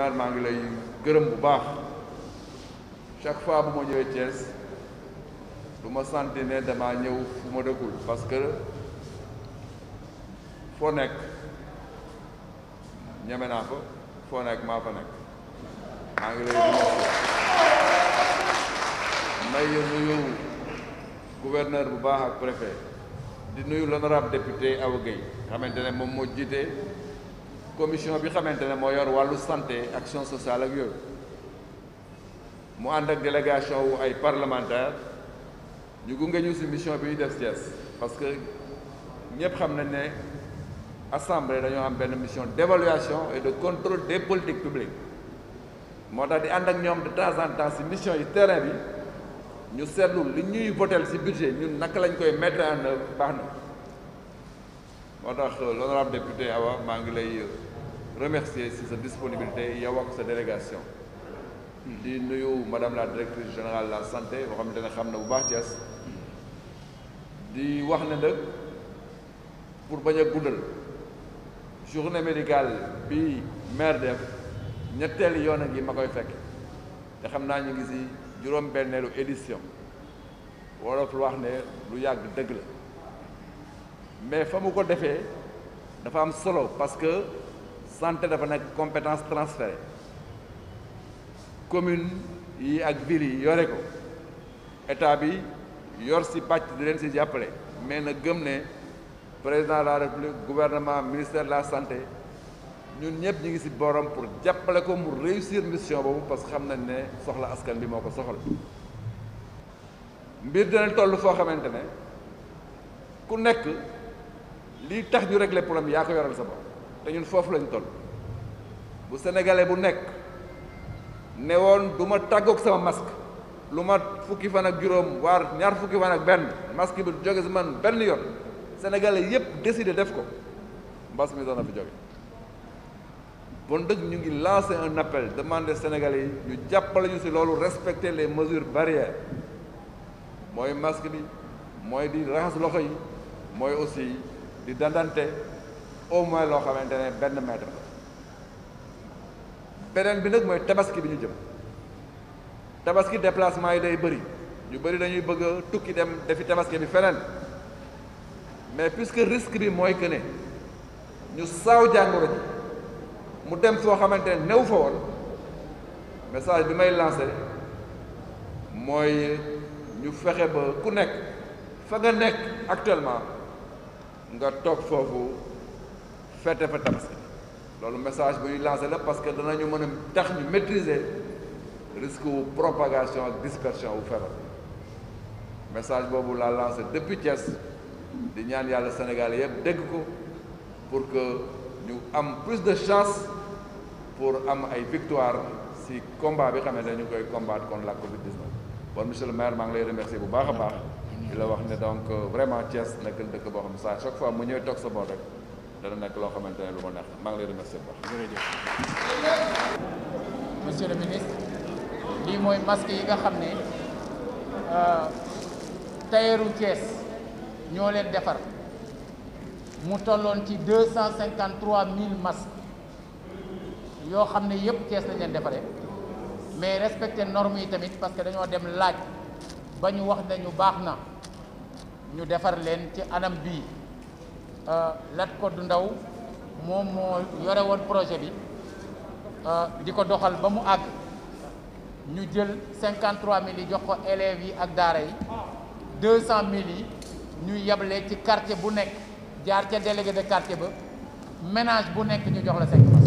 le maa ngi lay gërëm bu baax chaque fois bu ma ñëwee Thiès du ma sentir ne ñëw fu ma dëkkul parce que foo nekk ñeme naa fa foo nekk maa fa nekk maa ngi lay may nuyu gouverneur bu baax ak préfet di nuyu l'honorable député a Gueye xamante ne moom moo jiite commission bi xamante ne moo yor wàllu santé action sociale ak yooyu mu ànd ak délégation wu ay parlementaire ñu gunge ñu si mission bi ñu def Thiès parce que ñëpp xam na ne assemblée dañoo am benn mission d'évaluation et de contrôle des politiques publiques moo tax di ànd ak ñoom de temps en si mission yi terrain bi ñu seetlu li ñuy votel si budget ñun naka lañ koy mettre en baax na moo tax euh, l'honorable député Awa maa ngi lay euh, remercier si sa disponibilité yow ak sa délégation di nuyu madame la directrice générale de la santé boo xam ne xam na bu baax Thiès di wax ne nag pour ba a guddal journée médicale bi maire ñetteel ñetteelu yoon a ngi ma koy fekk te xam naa ñu ngi si juróom-benneelu édition wolof lu wax ne lu yàgg dëgg la mais fa mu ko defee dafa am solo parce que santé dafa nekk compétence transférée commune yi ak ville yi yore ko état bi yor si pàcc di leen si jàppale mais na gëm ne président la république gouvernement ministère de la santé ñun ñëpp ñu ngi si borom pour jàppale ko mu réussir mission boobu parce que xam nañ ne soxla askan bi moo ko soxla mbir dina toll foo xamante ne ku nekk lii tax ñu régler problème yaa ko yoral sa bopp te ñun foofu lañ toll bu sénégalais bu nekk ne woon du ma tàggoog sama masque lu ma fukki fan ak juróom waar ñaar fukki fan ak benn masque bi du jóge si man benn yoon sénégalais yépp décidé def ko mbas mi dana fi jóge bon dëgg ñu ngi lancer un appel demander sénégalais yi ñu jàppale ñu si loolu respecter les mesures barrières mooy masque bi mooy di raxas loxo yi mooy aussi di dandante au moins loo xamante ne benn mètre la beneen bi nag mooy tabaski bi ñu jëm tabaski déplacement yi day bëri ñu bëri dañuy bëgg a tukki dem defi tabaski bi feneen mais puisque risque bi mooy que ne ñu saaw jàngoro ji mu dem foo xamante ne new fa woon message bi may lancé mooy ñu fexe ba ku nekk fa nga nekk actuellement nga toog foofu fete fa tabaski loolu message bu ñuy lancé la parce que ñu mën a tax ñu maîtriser risque wu propagation ak dispersion wu feebar message boobu laa lancé depuis Thiès di ñaan yàlla Sénégal yëpp dégg ko pour que ñu am plus de chance pour am ay victoire si combat bi xamante ne ñu koy combattre contre la Covid 19 bon monsieur le maire maa ngi lay remercier bu baax a baax. di la wax ne donc euh, vraiment Thiès nekk na dëkk boo xam ne saa chaque fois mu ñëw toog sa bool rek dana nekk loo xamante ne lu ma neex maa ngi lay remercier bu baax jërëjëf. mooy masque yi nga xam ne euh, tayeeru Thiès ñoo leen defar mu tolloon ci deux cent cinquante trois mille masques yoo xam ne yëpp Thiès lañ leen defaree mais respecter normes yi tamit parce que dañoo dem laaj ba ñu wax nañu baax na. ñu defar leen ci anam bii euh, Lat du Ndaw moom moo yore woon projet bi euh, di ko doxal ba mu àgg ñu jël cinquante mille yi jox ko élèves yi ak daara yi deux cent mille yi ñu yeble ci quartier bu nekk jaar ca délégué de quartier ba ménage bu nekk ñu jox la cinq